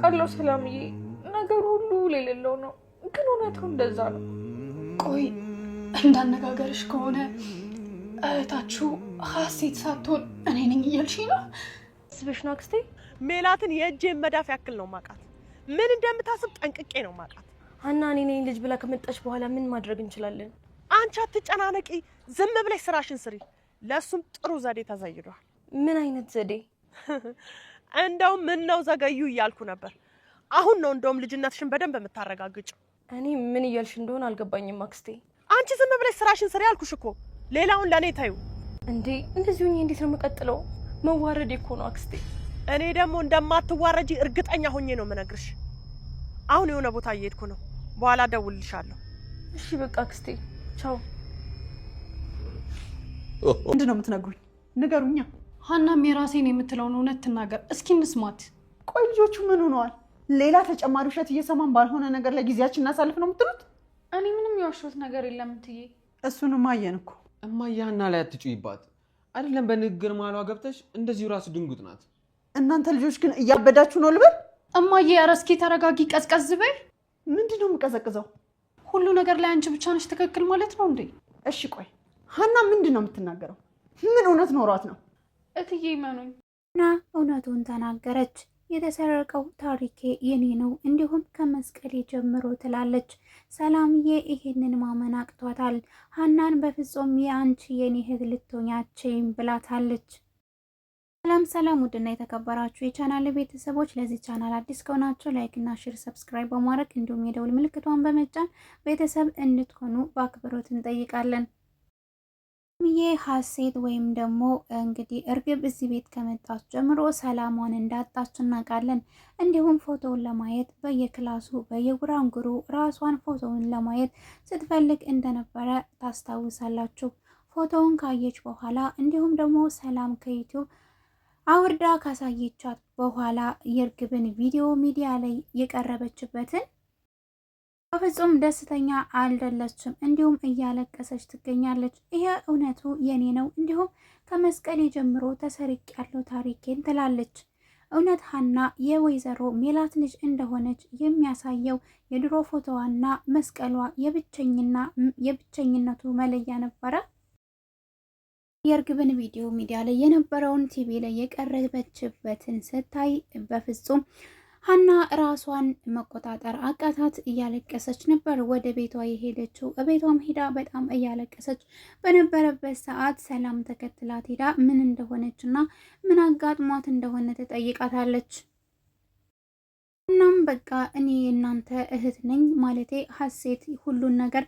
አውቃለሁ ሰላምዬ፣ ነገር ሁሉ የሌለው ነው፣ ግን እውነታው እንደዛ ነው። ቆይ እንዳነጋገርሽ ከሆነ እህታችሁ ሀሴት ሳትሆን እኔ ነኝ ነው? ስብሽ ነው አክስቴ። ሜላትን የእጄን መዳፍ ያክል ነው ማቃት? ምን እንደምታስብ ጠንቅቄ ነው ማቃት? ሀና እኔ ነኝ ልጅ ብላ ከመጣች በኋላ ምን ማድረግ እንችላለን? አንቺ አትጨናነቂ፣ ዝም ብለሽ ስራሽን ስሪ። ለእሱም ጥሩ ዘዴ ተዘይዷል። ምን አይነት ዘዴ? እንደውም ምን ነው ዘገዩ እያልኩ ነበር። አሁን ነው እንደውም ልጅነትሽን በደንብ የምታረጋግጭው። እኔ ምን እያልሽ እንደሆነ አልገባኝም አክስቴ። አንቺ ዝም ብለሽ ስራሽን ስሪ ያልኩሽ እኮ ሌላውን ለእኔ ተዩ። እንዴ እንደዚሁ እንዴት ነው የምቀጥለው? መዋረድ እኮ ነው አክስቴ። እኔ ደግሞ እንደማትዋረጂ እርግጠኛ ሆኜ ነው የምነግርሽ። አሁን የሆነ ቦታ እየሄድኩ ነው፣ በኋላ እደውልልሻለሁ። እሺ በቃ አክስቴ ቻው። ምንድን ነው የምትነግሩኝ? ንገሩኛ ሀናም የራሴን የምትለውን እውነት ትናገር እስኪ እንስማት። ቆይ ልጆቹ ምን ሆነዋል? ሌላ ተጨማሪ ውሸት እየሰማን ባልሆነ ነገር ላይ ጊዜያችን እናሳልፍ ነው የምትሉት? እኔ ምንም የዋሸሁት ነገር የለም እትዬ። እሱን እማየን እኮ እማየ ሀና ላይ አትጩይባት። አይደለም በንግግር ማሏ ገብተሽ እንደዚሁ ራሱ ድንጉጥ ናት። እናንተ ልጆች ግን እያበዳችሁ ነው ልበል? እማዬ፣ ኧረ እስኪ ተረጋጊ፣ ቀዝቀዝ በይ። ምንድን ነው የምቀዘቅዘው? ሁሉ ነገር ላይ አንቺ ብቻ ነች ትክክል ማለት ነው እንዴ? እሺ ቆይ ሀና ምንድን ነው የምትናገረው? ምን እውነት ኖሯት ነው እትዬ ይመኑኝ ና እውነቱን ተናገረች። የተሰረቀው ታሪኬ የኔ ነው እንዲሁም ከመስቀሌ ጀምሮ ትላለች። ሰላምዬ ይህንን ማመን አቅቷታል። ሀናን በፍጹም የአንቺ የኔ እህት ልትሆኛችም ብላታለች። ሰላም ሰላም፣ ውድና የተከበራችሁ የቻናል ቤተሰቦች ለዚህ ቻናል አዲስ ከሆናችሁ ላይክ እና ሼር፣ ሰብስክራይብ በማድረግ እንዲሁም የደውል ምልክቷን በመጫን ቤተሰብ እንድትሆኑ በአክብሮት እንጠይቃለን። ይሄ ሀሴት ወይም ደግሞ እንግዲህ እርግብ እዚህ ቤት ከመጣች ጀምሮ ሰላሟን እንዳጣች እናውቃለን። እንዲሁም ፎቶውን ለማየት በየክላሱ በየጉራንጉሩ ራሷን ፎቶውን ለማየት ስትፈልግ እንደነበረ ታስታውሳላችሁ። ፎቶውን ካየች በኋላ እንዲሁም ደግሞ ሰላም ከዩቱብ አውርዳ ካሳየቻት በኋላ የእርግብን ቪዲዮ ሚዲያ ላይ የቀረበችበትን በፍጹም ደስተኛ አልደለችም። እንዲሁም እያለቀሰች ትገኛለች። ይሄ እውነቱ የኔ ነው፣ እንዲሁም ከመስቀሌ ጀምሮ ተሰርቅ ያለው ታሪኬን ትላለች። እውነት ሀና የወይዘሮ ሜላት ልጅ እንደሆነች የሚያሳየው የድሮ ፎቶዋና መስቀሏ የብቸኝነቱ መለያ ነበረ። የእርግብን ቪዲዮ ሚዲያ ላይ የነበረውን ቲቪ ላይ የቀረበችበትን ስታይ በፍጹም ሀና ራሷን መቆጣጠር አቃታት። እያለቀሰች ነበር ወደ ቤቷ የሄደችው። ቤቷም ሄዳ በጣም እያለቀሰች በነበረበት ሰዓት ሰላም ተከትላት ሄዳ ምን እንደሆነች እና ምን አጋጥሟት እንደሆነ ትጠይቃታለች። እናም በቃ እኔ የእናንተ እህት ነኝ ማለቴ ሀሴት ሁሉን ነገር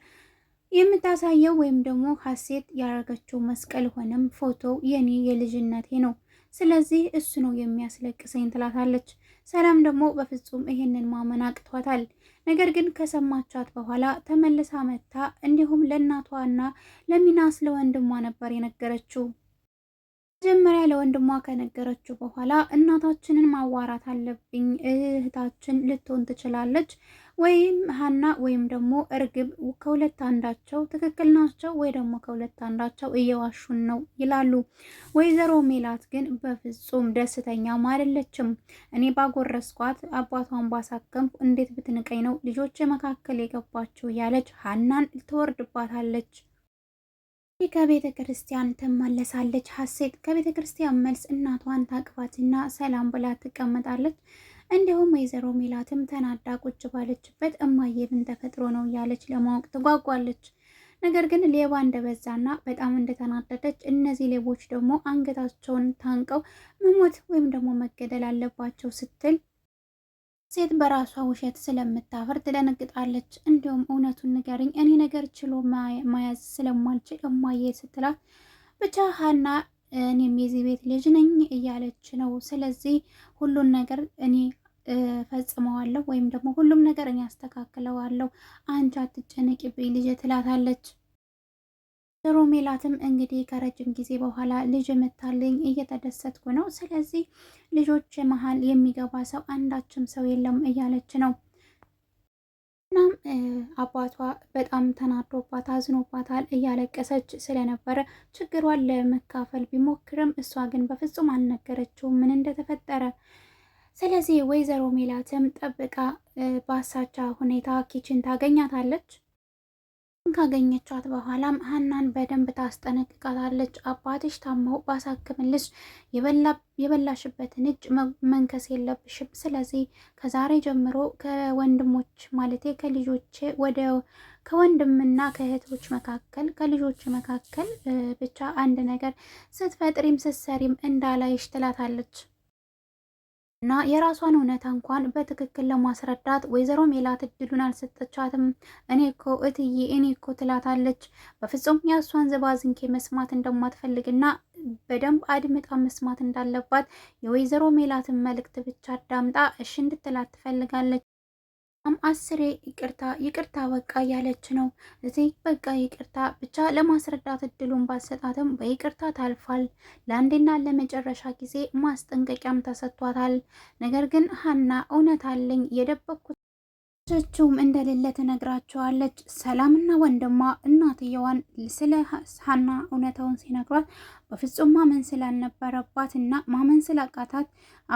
የምታሳየው ወይም ደግሞ ሀሴት ያረገችው መስቀል ሆነም ፎቶ የኔ የልጅነቴ ነው። ስለዚህ እሱ ነው የሚያስለቅሰኝ ትላታለች። ሰላም ደግሞ በፍጹም ይህንን ማመን አቅቷታል። ነገር ግን ከሰማቻት በኋላ ተመልሳ መታ እንዲሁም ለእናቷና ለሚና ስለ ነበር የነገረችው። መጀመሪያ ለወንድሟ ከነገረችው በኋላ እናታችንን ማዋራት አለብኝ፣ እህታችን ልትሆን ትችላለች፣ ወይም ሀና ወይም ደግሞ እርግብ ከሁለት አንዳቸው ትክክል ናቸው፣ ወይ ደግሞ ከሁለት አንዳቸው እየዋሹን ነው ይላሉ። ወይዘሮ ሜላት ግን በፍጹም ደስተኛም አይደለችም። እኔ ባጎረስኳት አባቷን ባሳከምኩ እንዴት ብትንቀኝ ነው ልጆች መካከል የገባችው እያለች ሀናን ትወርድባታለች። ከቤተ ክርስቲያን ትመለሳለች። ሀሴት ከቤተ ክርስቲያን መልስ እናቷን ታቅፋትና ሰላም ብላ ትቀመጣለች። እንዲሁም ወይዘሮ ሜላትም ተናዳ ቁጭ ባለችበት እማዬ ምን ተፈጥሮ ነው እያለች ለማወቅ ትጓጓለች። ነገር ግን ሌባ እንደበዛና በጣም እንደተናደደች እነዚህ ሌቦች ደግሞ አንገታቸውን ታንቀው መሞት ወይም ደግሞ መገደል አለባቸው ስትል ሴት በራሷ ውሸት ስለምታፈር ትደነግጣለች። እንዲሁም እውነቱን ንገርኝ እኔ ነገር ችሎ መያዝ ስለማልችል እማዬ ስትላት ብቻ ሀና እኔም የዚህ ቤት ልጅ ነኝ እያለች ነው። ስለዚህ ሁሉን ነገር እኔ ፈጽመዋለሁ ወይም ደግሞ ሁሉም ነገር እኔ አስተካክለዋለሁ፣ አንቺ አትጨነቂብኝ ልጅ ትላታለች። ጥሩ ሜላትም እንግዲህ ከረጅም ጊዜ በኋላ ልጅ የምታለኝ እየተደሰትኩ ነው። ስለዚህ ልጆች መሀል የሚገባ ሰው አንዳችም ሰው የለም እያለች ነው። እናም አባቷ በጣም ተናዶባት አዝኖባታል። እያለቀሰች ስለነበረ ችግሯን ለመካፈል ቢሞክርም እሷ ግን በፍጹም አልነገረችው ምን እንደተፈጠረ። ስለዚህ ወይዘሮ ሜላትም ጠብቃ ባሳቻ ሁኔታ ኪችን ታገኛታለች። ካገኘቻት በኋላም ሀናን በደንብ ታስጠነቅቃታለች። አባትሽ ታመው ባሳክምልሽ የበላሽበትን እጅ መንከስ የለብሽም። ስለዚህ ከዛሬ ጀምሮ ከወንድሞች ማለቴ ከልጆቼ ወደ ከወንድምና ከእህቶች መካከል ከልጆች መካከል ብቻ አንድ ነገር ስትፈጥሪም ስትሰሪም እንዳላይሽ ትላታለች። እና የራሷን እውነት እንኳን በትክክል ለማስረዳት ወይዘሮ ሜላት እድሉን አልሰጠቻትም። እኔ እኮ እትዬ እኔ እኮ ትላታለች። በፍጹም ያሷን ዝባዝንኬ መስማት እንደማትፈልግና በደንብ አድምጣ መስማት እንዳለባት የወይዘሮ ሜላትን መልእክት ብቻ አዳምጣ እሺ እንድትላት ትፈልጋለች። በጣም አስሬ ይቅርታ ይቅርታ በቃ እያለች ነው። እዚህ በቃ ይቅርታ ብቻ ለማስረዳት እድሉን ባሰጣትም በይቅርታ ታልፋል። ለአንዴና ለመጨረሻ ጊዜ ማስጠንቀቂያም ተሰጥቷታል። ነገር ግን ሀና እውነት አለኝ የደበኩት ቹቹም እንደሌለ ትነግራቸዋለች። ሰላምና ወንድሟ እናትየዋን ስለ ሀና እውነታውን ሲነግሯት በፍጹም ማመን ስላልነበረባት እና ማመን ስላቃታት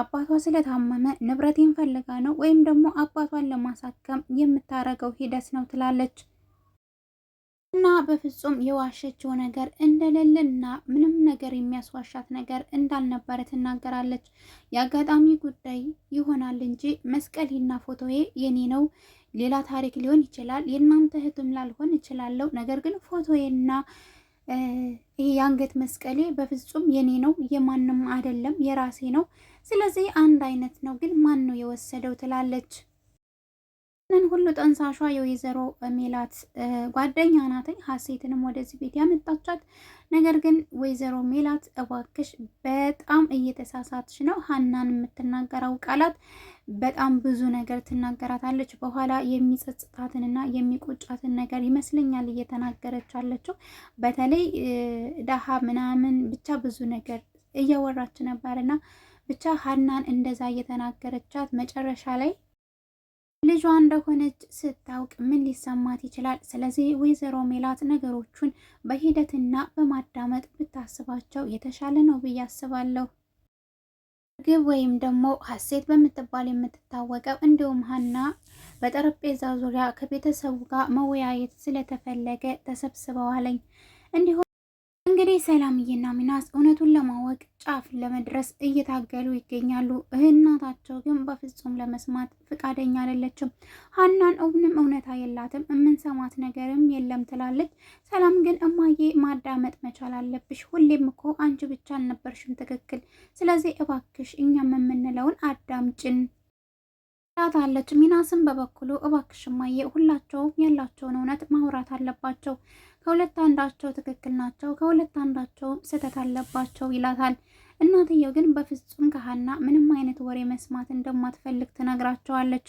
አባቷ ስለታመመ ንብረቴን ፈልጋ ነው ወይም ደግሞ አባቷን ለማሳከም የምታረገው ሂደት ነው ትላለች። እና በፍጹም የዋሸችው ነገር እንደሌለና ምንም ነገር የሚያስዋሻት ነገር እንዳልነበረ ትናገራለች። የአጋጣሚ ጉዳይ ይሆናል እንጂ መስቀሌና ፎቶዬ የኔ ነው። ሌላ ታሪክ ሊሆን ይችላል። የእናንተ እህትም ላልሆን እችላለሁ። ነገር ግን ፎቶዬና ይሄ የአንገት መስቀሌ በፍጹም የኔ ነው፣ የማንም አይደለም፣ የራሴ ነው። ስለዚህ አንድ አይነት ነው። ግን ማን ነው የወሰደው ትላለች ይህንን ሁሉ ጠንሳሿ የወይዘሮ ሜላት ጓደኛ ናትኝ ሀሴትንም ወደዚህ ቤት ያመጣቻት። ነገር ግን ወይዘሮ ሜላት እባክሽ በጣም እየተሳሳትሽ ነው። ሀናን የምትናገረው ቃላት በጣም ብዙ ነገር ትናገራታለች። በኋላ የሚጸጽታትንና የሚቆጫትን ነገር ይመስለኛል እየተናገረች አለችው። በተለይ ደሃ ምናምን ብቻ ብዙ ነገር እያወራች ነበርና ብቻ ሀናን እንደዛ እየተናገረቻት መጨረሻ ላይ ልጇ እንደሆነች ስታውቅ ምን ሊሰማት ይችላል? ስለዚህ ወይዘሮ ሜላት ነገሮቹን በሂደትና በማዳመጥ ብታስባቸው የተሻለ ነው ብዬ አስባለሁ። እርግብ ወይም ደግሞ ሀሴት በምትባል የምትታወቀው እንዲሁም ሀና በጠረጴዛ ዙሪያ ከቤተሰቡ ጋር መወያየት ስለተፈለገ ተሰብስበዋለኝ እንዲሁም እንግዲህ ሰላምዬና ሚናስ እውነቱን ለማወቅ ጫፍ ለመድረስ እየታገሉ ይገኛሉ። እህናታቸው ግን በፍጹም ለመስማት ፍቃደኛ አይደለችም። ሀናን እውንም እውነታ የላትም የምንሰማት ነገርም የለም ትላለች። ሰላም ግን እማዬ ማዳመጥ መቻል አለብሽ። ሁሌም እኮ አንቺ ብቻ አልነበርሽም ትክክል። ስለዚህ እባክሽ እኛም የምንለውን አዳምጭን አለች። ሚናስም በበኩሉ እባክሽ እማዬ ሁላቸውም ያላቸውን እውነት ማውራት አለባቸው ከሁለት አንዳቸው ትክክል ናቸው፣ ከሁለት አንዳቸው ስህተት አለባቸው ይላታል። እናትየው ግን በፍጹም ከሀና ምንም አይነት ወሬ መስማት እንደማትፈልግ ትነግራቸዋለች።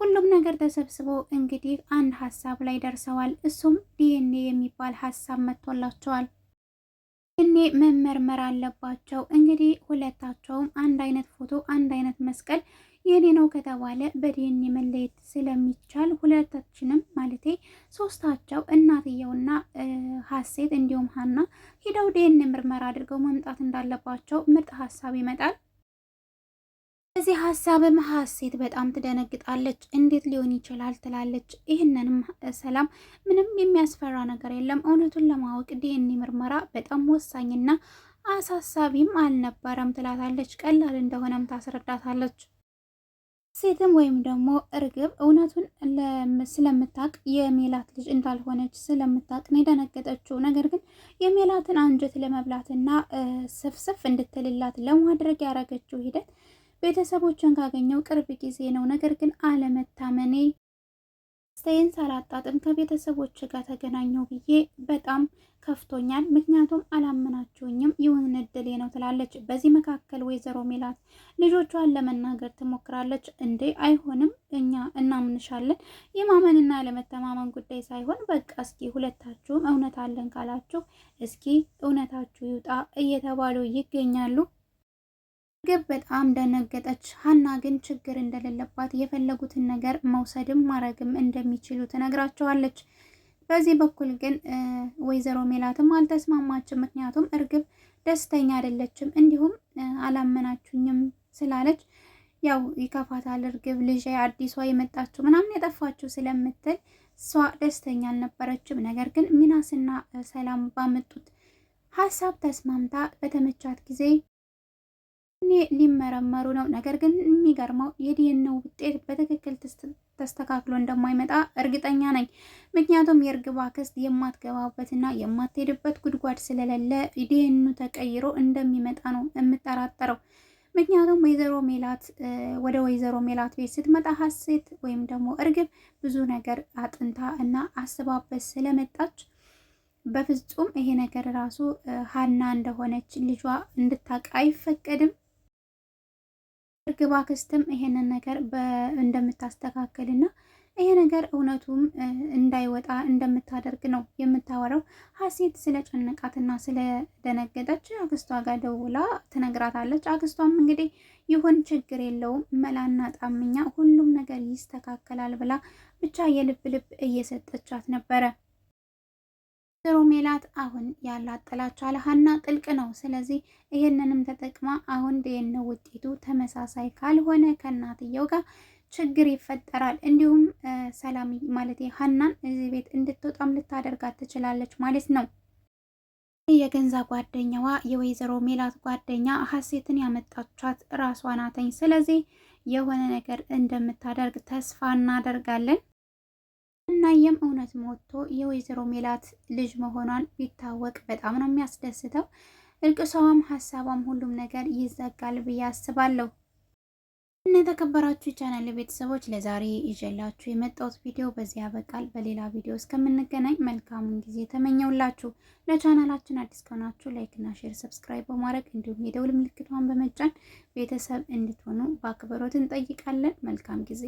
ሁሉም ነገር ተሰብስቦ እንግዲህ አንድ ሀሳብ ላይ ደርሰዋል። እሱም ዲኤንኤ የሚባል ሀሳብ መጥቶላቸዋል። ዲኤንኤ መመርመር አለባቸው። እንግዲህ ሁለታቸውም አንድ አይነት ፎቶ፣ አንድ አይነት መስቀል የኔ ነው ከተባለ በዲኤንኤ መለየት ስለሚቻል ሁለታችንም ማለቴ ሶስታቸው እናትየውና ሀሴት እንዲሁም ሀና ሂደው ዲኤንኤ ምርመራ አድርገው መምጣት እንዳለባቸው ምርጥ ሀሳብ ይመጣል። በዚህ ሀሳብም ሀሴት በጣም ትደነግጣለች። እንዴት ሊሆን ይችላል ትላለች። ይህንንም ሰላም ምንም የሚያስፈራ ነገር የለም፣ እውነቱን ለማወቅ ዲኤንኤ ምርመራ በጣም ወሳኝና አሳሳቢም አልነበረም ትላታለች። ቀላል እንደሆነም ታስረዳታለች። ሴትም ወይም ደግሞ እርግብ እውነቱን ስለምታቅ የሜላት ልጅ እንዳልሆነች ስለምታቅ ነው የደነገጠችው። ነገር ግን የሜላትን አንጀት ለመብላትና ስፍስፍ እንድትልላት ለማድረግ ያደረገችው ሂደት ቤተሰቦችን ካገኘው ቅርብ ጊዜ ነው። ነገር ግን አለመታመኔ ስታይን ሳላጣጥም ከቤተሰቦች ጋር ተገናኘው ብዬ በጣም ከፍቶኛል። ምክንያቱም አላምና ይሁን እድሌ ነው ትላለች። በዚህ መካከል ወይዘሮ ሜላት ልጆቿን ለመናገር ትሞክራለች። እንዴ አይሆንም፣ እኛ እናምንሻለን። የማመንና ለመተማመን ጉዳይ ሳይሆን በቃ እስኪ ሁለታችሁም እውነት አለን ካላችሁ እስኪ እውነታችሁ ይውጣ እየተባሉ ይገኛሉ። ግብ በጣም ደነገጠች። ሀና ግን ችግር እንደሌለባት የፈለጉትን ነገር መውሰድም ማድረግም እንደሚችሉ ትነግራቸዋለች። በዚህ በኩል ግን ወይዘሮ ሜላትም አልተስማማችም። ምክንያቱም እርግብ ደስተኛ አይደለችም፣ እንዲሁም አላመናችሁኝም ስላለች ያው ይከፋታል። እርግብ ልጅ አዲሷ የመጣችው ምናምን የጠፋችው ስለምትል እሷ ደስተኛ አልነበረችም። ነገር ግን ሚናስና ሰላም ባመጡት ሀሳብ ተስማምታ በተመቻት ጊዜ እኔ ሊመረመሩ ነው። ነገር ግን የሚገርመው የዲኤንኤ ውጤት በትክክል ተስተካክሎ እንደማይመጣ እርግጠኛ ነኝ። ምክንያቱም የእርግብ አክስት የማትገባበትና የማትሄድበት ጉድጓድ ስለሌለ ዲኤኑ ተቀይሮ እንደሚመጣ ነው የምጠራጠረው። ምክንያቱም ወይዘሮ ሜላት ወደ ወይዘሮ ሜላት ቤት ስትመጣ ሀሴት ወይም ደግሞ እርግብ ብዙ ነገር አጥንታ እና አስባበት ስለመጣች በፍጹም ይሄ ነገር ራሱ ሀና እንደሆነች ልጇ እንድታውቅ አይፈቀድም። እርግብ አክስትም ይሄንን ነገር እንደምታስተካከልና ይሄ ነገር እውነቱም እንዳይወጣ እንደምታደርግ ነው የምታወራው። ሀሴት ስለ ጨነቃትና ስለደነገጠች አክስቷ ጋር ደውላ ትነግራታለች። አክስቷም እንግዲህ ይሁን ችግር የለውም መላና ጣምኛ ሁሉም ነገር ይስተካከላል ብላ ብቻ የልብ ልብ እየሰጠቻት ነበረ። ሜላት አሁን ያላት ጥላቻ ለሀና ጥልቅ ነው። ስለዚህ ይህንንም ተጠቅማ አሁን የነ ውጤቱ ተመሳሳይ ካልሆነ ከእናትየው ጋር ችግር ይፈጠራል። እንዲሁም ሰላም ማለት ሀናን እዚህ ቤት እንድትወጣም ልታደርጋት ትችላለች ማለት ነው። የገንዛ ጓደኛዋ የወይዘሮ ሜላት ጓደኛ ሀሴትን ያመጣቻት ራሷ ናተኝ። ስለዚህ የሆነ ነገር እንደምታደርግ ተስፋ እናደርጋለን። እናየም እውነት ሞቶ የወይዘሮ ሜላት ልጅ መሆኗን ቢታወቅ በጣም ነው የሚያስደስተው። እልቅሷም፣ ሀሳቧም ሁሉም ነገር ይዘጋል ብዬ አስባለሁ። እና የተከበራችሁ ቻናል ቤተሰቦች ለዛሬ ይዤላችሁ የመጣሁት ቪዲዮ በዚህ ያበቃል። በሌላ ቪዲዮ እስከምንገናኝ መልካሙን ጊዜ ተመኘውላችሁ። ለቻናላችን አዲስ ከሆናችሁ ላይክና ሼር፣ ሰብስክራይብ በማድረግ እንዲሁም የደውል ምልክቷን በመጫን ቤተሰብ እንድትሆኑ በአክብሮት እንጠይቃለን። መልካም ጊዜ